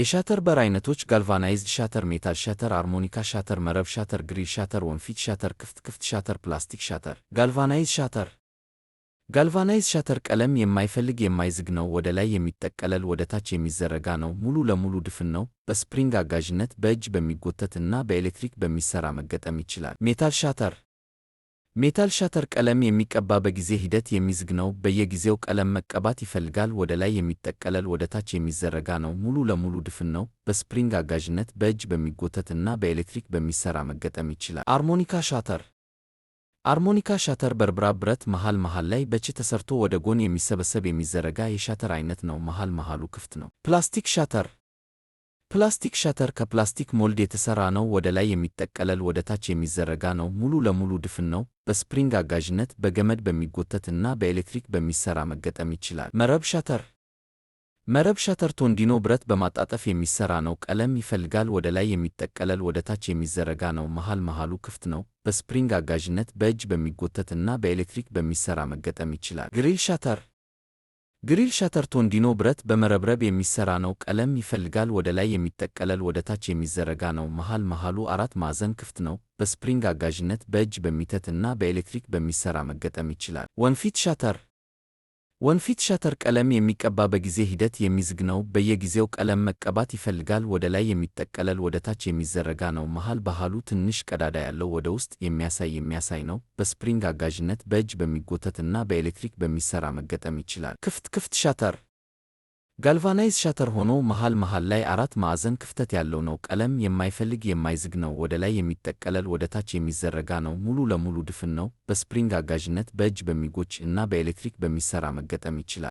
የሻተር በር አይነቶች ጋልቫናይዝድ ሻተር፣ ሜታል ሻተር፣ አርሞኒካ ሻተር፣ መረብ ሻተር፣ ግሪል ሻተር፣ ወንፊት ሻተር፣ ክፍት ክፍት ሻተር፣ ፕላስቲክ ሻተር። ጋልቫናይዝ ሻተር ጋልቫናይዝ ሻተር ቀለም የማይፈልግ የማይዝግ ነው። ወደ ላይ የሚጠቀለል ወደ ታች የሚዘረጋ ነው። ሙሉ ለሙሉ ድፍን ነው። በስፕሪንግ አጋዥነት በእጅ በሚጎተት እና በኤሌክትሪክ በሚሰራ መገጠም ይችላል። ሜታል ሻተር ሜታል ሻተር ቀለም የሚቀባ በጊዜ ሂደት የሚዝግ ነው። በየጊዜው ቀለም መቀባት ይፈልጋል። ወደ ላይ የሚጠቀለል ወደ ታች የሚዘረጋ ነው። ሙሉ ለሙሉ ድፍን ነው። በስፕሪንግ አጋዥነት በእጅ በሚጎተት እና በኤሌክትሪክ በሚሰራ መገጠም ይችላል። አርሞኒካ ሻተር አርሞኒካ ሻተር በርብራ ብረት መሃል መሃል ላይ በች ተሰርቶ ወደ ጎን የሚሰበሰብ የሚዘረጋ የሻተር አይነት ነው። መሃል መሃሉ ክፍት ነው። ፕላስቲክ ሻተር ፕላስቲክ ሻተር ከፕላስቲክ ሞልድ የተሰራ ነው። ወደ ላይ የሚጠቀለል ወደ ታች የሚዘረጋ ነው። ሙሉ ለሙሉ ድፍን ነው። በስፕሪንግ አጋዥነት በገመድ በሚጎተት እና በኤሌክትሪክ በሚሰራ መገጠም ይችላል። መረብ ሻተር መረብ ሻተር ቶንዲኖ ብረት በማጣጠፍ የሚሰራ ነው። ቀለም ይፈልጋል። ወደ ላይ የሚጠቀለል ወደ ታች የሚዘረጋ ነው። መሃል መሃሉ ክፍት ነው። በስፕሪንግ አጋዥነት በእጅ በሚጎተት እና በኤሌክትሪክ በሚሰራ መገጠም ይችላል። ግሪል ሻተር ግሪል ቶንዲኖ ብረት በመረብረብ የሚሰራ ነው። ቀለም ይፈልጋል። ወደ ላይ የሚጠቀለል ወደ ታች የሚዘረጋ ነው። መሃል መሃሉ አራት ማዕዘን ክፍት ነው። በስፕሪንግ አጋዥነት በእጅ በሚተት እና በኤሌክትሪክ በሚሰራ መገጠም ይችላል። ወንፊት ሻተር ወንፊት ሸተር ቀለም የሚቀባ በጊዜ ሂደት የሚዝግ ነው። በየጊዜው ቀለም መቀባት ይፈልጋል። ወደ ላይ የሚጠቀለል ወደ ታች የሚዘረጋ ነው። መሃል ባህሉ ትንሽ ቀዳዳ ያለው ወደ ውስጥ የሚያሳይ የሚያሳይ ነው። በስፕሪንግ አጋዥነት በእጅ በሚጎተት እና በኤሌክትሪክ በሚሰራ መገጠም ይችላል። ክፍት ክፍት ሸተር ጋልቫናይዝ ሻተር ሆኖ መሃል መሃል ላይ አራት ማዕዘን ክፍተት ያለው ነው። ቀለም የማይፈልግ የማይዝግ ነው። ወደ ላይ የሚጠቀለል ወደ ታች የሚዘረጋ ነው። ሙሉ ለሙሉ ድፍን ነው። በስፕሪንግ አጋዥነት በእጅ በሚጎች እና በኤሌክትሪክ በሚሰራ መገጠም ይችላል።